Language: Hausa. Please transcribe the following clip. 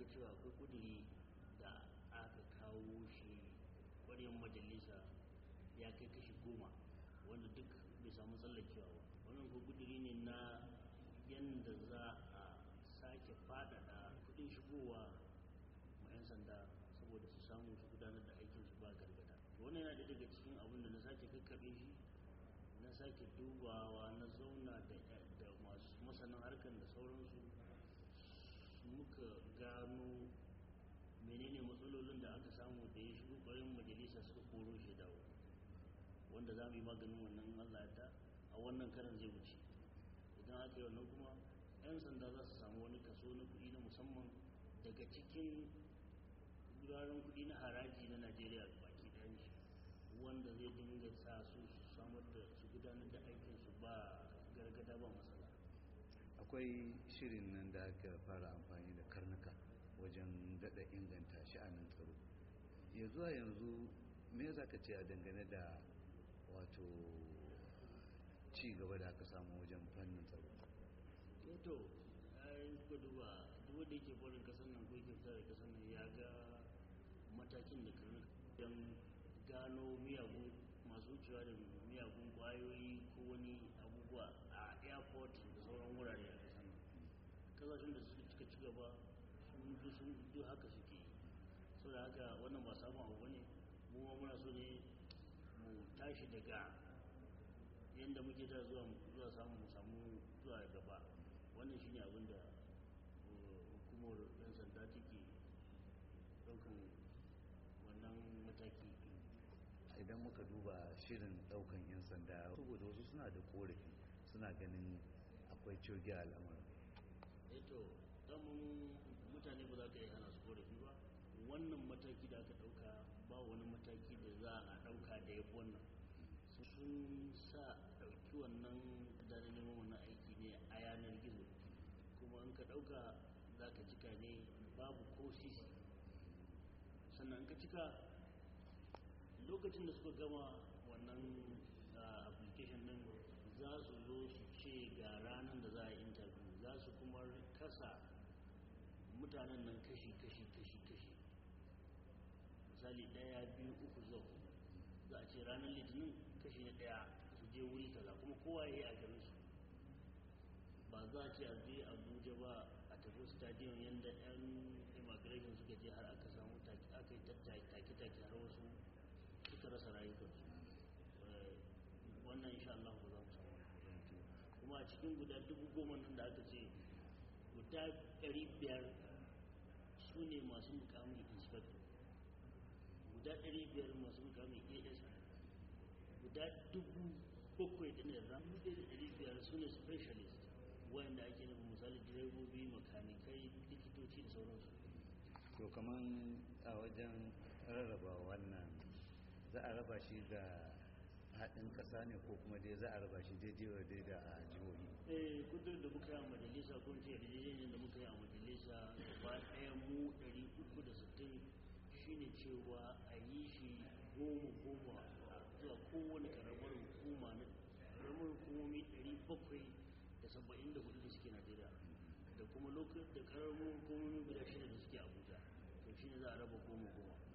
ga cewa kudi da aka kawo shi ƙwaryen majalisa ya kai kashi goma wanda duk bai samu tsallakewa ba wannan kudiri ne na yadda za a sake faɗaɗa kudin shigowa ma 'yan sanda saboda su samu su gudanar da aikinsu ba gargada wannan yana daga cikin abin da na sake kakkaɓe shi na sake dubawa na zauna da masu masanin harkar da muka gano menene matsalolin da aka samu da ya shigo majalisa suka koro shi dawo wanda za mu yi maganin wannan allah ta a wannan karan zai wuce idan aka yi wannan kuma 'yan sanda za su samu wani kaso na kuɗi na musamman daga cikin guraren kuɗi na haraji na najeriya baki ɗayan shi wanda zai dinga sa su samar da su gudanar da aikinsu ba gargada ba masu akwai shirin nan da aka fara amfani da karnuka wajen daɗa inganta sha'anin tsaro ya zuwa yanzu me za ka ce a dangane da wato ci gaba da aka samu wajen fannin tsaro wato eh ayin kuka duba duk da yake farin kasan nan ko yake da kasan nan ya ga matakin da karnuka don gano miyagun masu wucewa da miyagun kwayoyi ko wani abubuwa kasashen da suka ci gaba sun duk haka suke yi sau da haka wannan ba samun abu wani mu muna so ne mu tashi daga yadda muke ta zuwa zuwa samu samu zuwa gaba wannan shine abin da uh, hukumar yan sanda take daukan wannan mataki idan muka duba shirin daukan yan sanda saboda wasu suna da korafi suna ganin akwai coge al'amarin eto eh damun mutane ba za ka yi ana su korafi ba wannan mataki da aka dauka ba wani mataki da za a dauka da ya wannan sun sa dauki wannan dare neman wani aiki ne a yanar gizo kuma in ka dauka za ka cika ne babu ko sisi sannan ka cika lokacin da suka gama wannan kasa mutanen nan kashi kashi kashi kashi misali daya biyu uku zuwa za a ce ranar litinin kashi na daya su je wuri kaza kuma kowa ya yi a garin su ba za a ce a je abuja ba a tafi stadium yadda yan immigration suka je har aka samu aka yi take-take har wasu suka rasa rayukansu eh, wannan insha Allah ba za mu samu kuma a cikin guda dubu goma nan da aka ce guda 500 su ne masu mukamin inspector guda ɗari biyar masu mukamin asr guda dubu ɗari 7,500 su ne specialist wanda ake nufin, misali direbobi makanikai likitoci da sauransu to kamar a wajen rarraba wannan za a raba shi ga haɗin ƙasa ne ko kuma dai za a raba shi daidai wa daida a jihohi eh kudin da muka yi majalisa ko yi a majalisa gaba ɗaya mu 360 shine cewa a yi shi goma goma zuwa kowane karamar hukuma na karamar hukumomi bakwai da suke najeriya da kuma lokacin da karamar hukumomi guda shida da suke abuja to shi ne za a raba goma goma